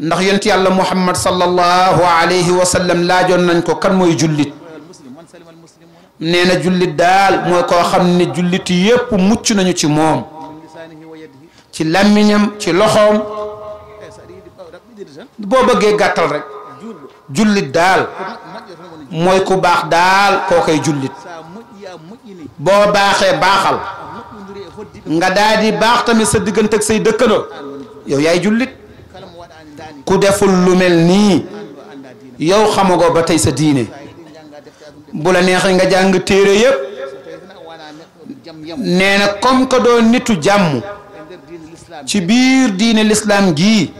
ndax yent yàlla muhammad sallallahu alayhi wa sallam laajoon nañ ko kan moy julit neena julit dal moy ko koo julit yep jullit mucc nañu ci mom ci laminam ci loxom bo beugé gàttal rek julit dal moy ku bax dal ko kay julit bo baxé baxal nga dadi bax baax tamit sa digënt ak say dëkkandoo yow yaay jullit ku deful lu mel nii yow xamagoo ba tey sa diine bu la neexee nga jàng téere yëpp nee na comme que doo nitu jàmm ci biir diine lislaam gii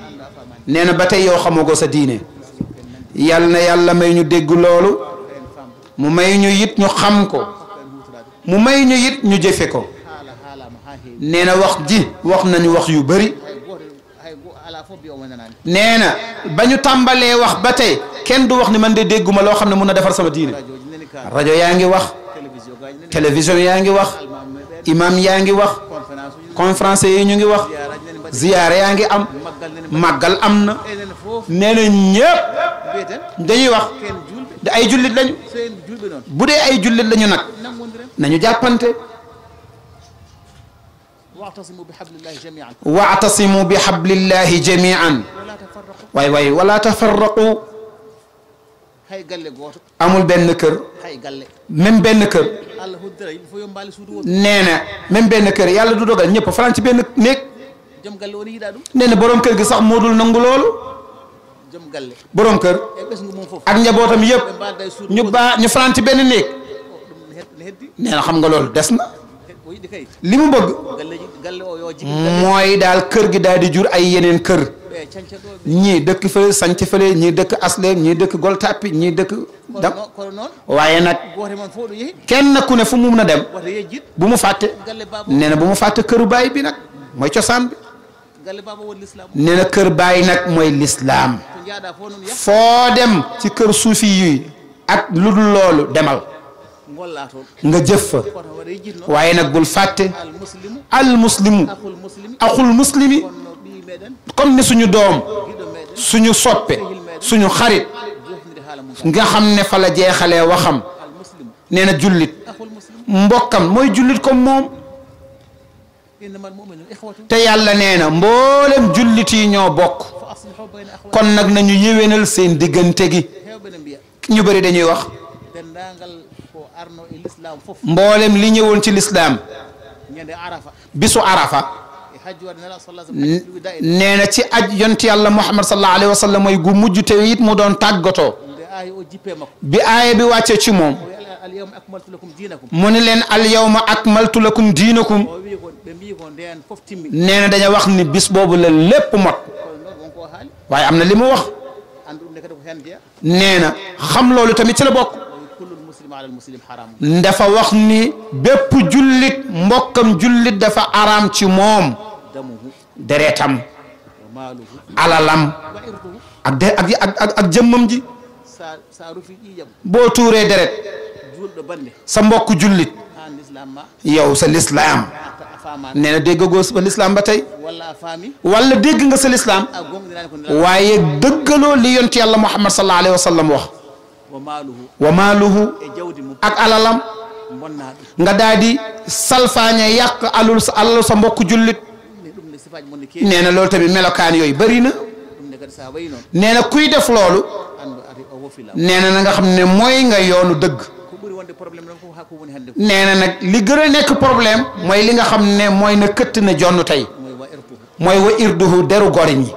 nee na ba tey yow xamagoo sa diine yal na yàlla may ñu dégg loolu mu may ñu it ñu xam ko mu may ñu it ñu jëfe ko nee wax ji wax nañu wax yu bari nee na ba ñu tàmbalee wax ba tey kenn du wax ni man de dégguma loo xam ne mun na defar sama diine rajo yaa ngi wax télévision yaa ngi wax imam yaa ngi wax conférence yi ñu ngi wax ziyaare yaa ngi am maggal am na nee na ñëpp dañuy wax ay jullit lañu bu dee ay jullit lañu nag nañu jàppante واعتصموا بحبل الله جميعا واعتصموا بحبل الله جميعا ولا تفرقوا واي واي ولا تفرقوا هاي قال امول بن كير هاي قال من بن كير الله هدر يفو يمبالي سودو نينا من بن كير يالا دو دوغال نيب فرانتي بن نيك جم قال وني دادو نينا بروم كير غي صاح مودول نانغو لول جم قال بروم كير اك نياباتام ييب ني با ني فرانتي بن نيك نينا خمغا لول دسنا li mu bëgg mooy daal kër gi daal di jur ay yeneen kër eh, ñii dëkk fële sanc fële ñii dëkk asleem ñii dëkk gol tàppi ñii dëkk dam waaye nag kenn nakku ne fu mu mun a dem bu mu fàtte nee na bu mu fàtte këru baay bi nag mooy cosaan bi nee na kër baay nag mooy lislaam foo dem ci kër suufi yuy ak lu dul loolu demal nga jëf fa waaye nag bul fàtte al muslimu axul muslimi comme ni suñu doom suñu soppe suñu xarit nga xam ne fa la jeexalee waxam nee na jullit mbokkam mooy jullit comme moom te yàlla nee na mboolem jullit yi ñoo bokk kon nag nañu yéwénal seen diggante gi ñu bëri dañuy wax mboolem li ñëwoon ci l'islam bisu arafa neena ci aj yonti yàlla muhammad sallallahu alayhi wasallam moy gu mujju te yit mu don tagoto bi aaya bi wacce ci mom mu al yawma akmaltu lakum dinakum neena daña wax ni bis bobu la lépp mot waye am limu wax neena xam loolu tamit ci la bokku ندفع وخني بيب جلد مقم جلد دفع عرام تي موم بو توري دريت سمبوك جلد يو سالإسلام نينا ديغو باتي ولا ديغنغ سالإسلام وايه دقلو ليون تي الله محمد صلى الله عليه وسلم wa maaluhu e ak alalam nga daal di salfaañe yàq alul sa alalu sa mbokk jullit nee na loolu tamit melokaan yooyu bëri na nee na kuy def loolu nee na na nga xam ne mooy nga yoonu dëgg nee na nag li gën a nekk problème mooy li nga xam ne mooy na këtt na jonn tey mooy wa irduhu deru gor ñi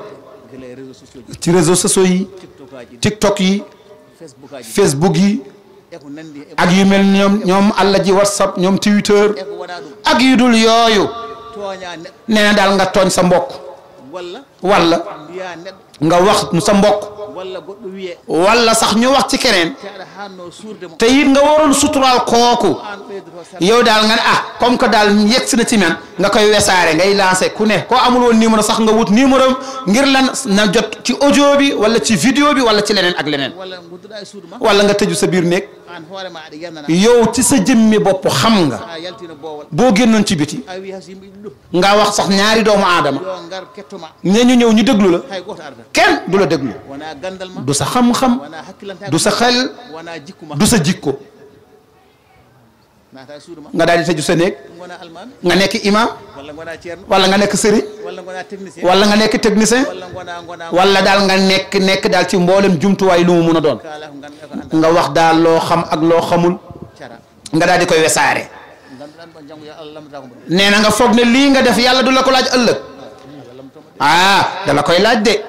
e ci réseaux sociaux yi tiktok yi facebook yi ak yu mel ñoom ñoom àll ji whatsapp ñoom twitter ak yu dul yooyu nee na daal nga tooñ sa mbokk walla nga wax sa mbokk walla sax ñu wax ci keneen te it nga waroon suturaal kooku yow daal nga ne ah comme que daal yegg si na ci man nga koy wesaare ngay lancé ku ne koo amul woon numéro sax nga wut numéro ngir lan na jot ci audio bi walla ci vidéo bi walla ci leneen ak leneen walla nga tëju sa biir néeg yow ci sa jëmmi bopp xam nga boo génnoon ci biti nga wax sax ñaari doomu aadama ne ñu ñëw ñu déglu la kenn du la déglu du sa xam-xam du sa xel du sa jikko nga daal di ju sa néeg nga nekk imam wala nga nekk sëriñ wala nga nekk technicien walla daal nga nekk nekk daal ci mboolem jumtuwaay lu mu mun a doon nga wax daal loo xam ak loo xamul nga daal di koy wesaare nee na nga foog ne lii nga def yàlla du la ko laaj ëllëg ah da koy laaj de.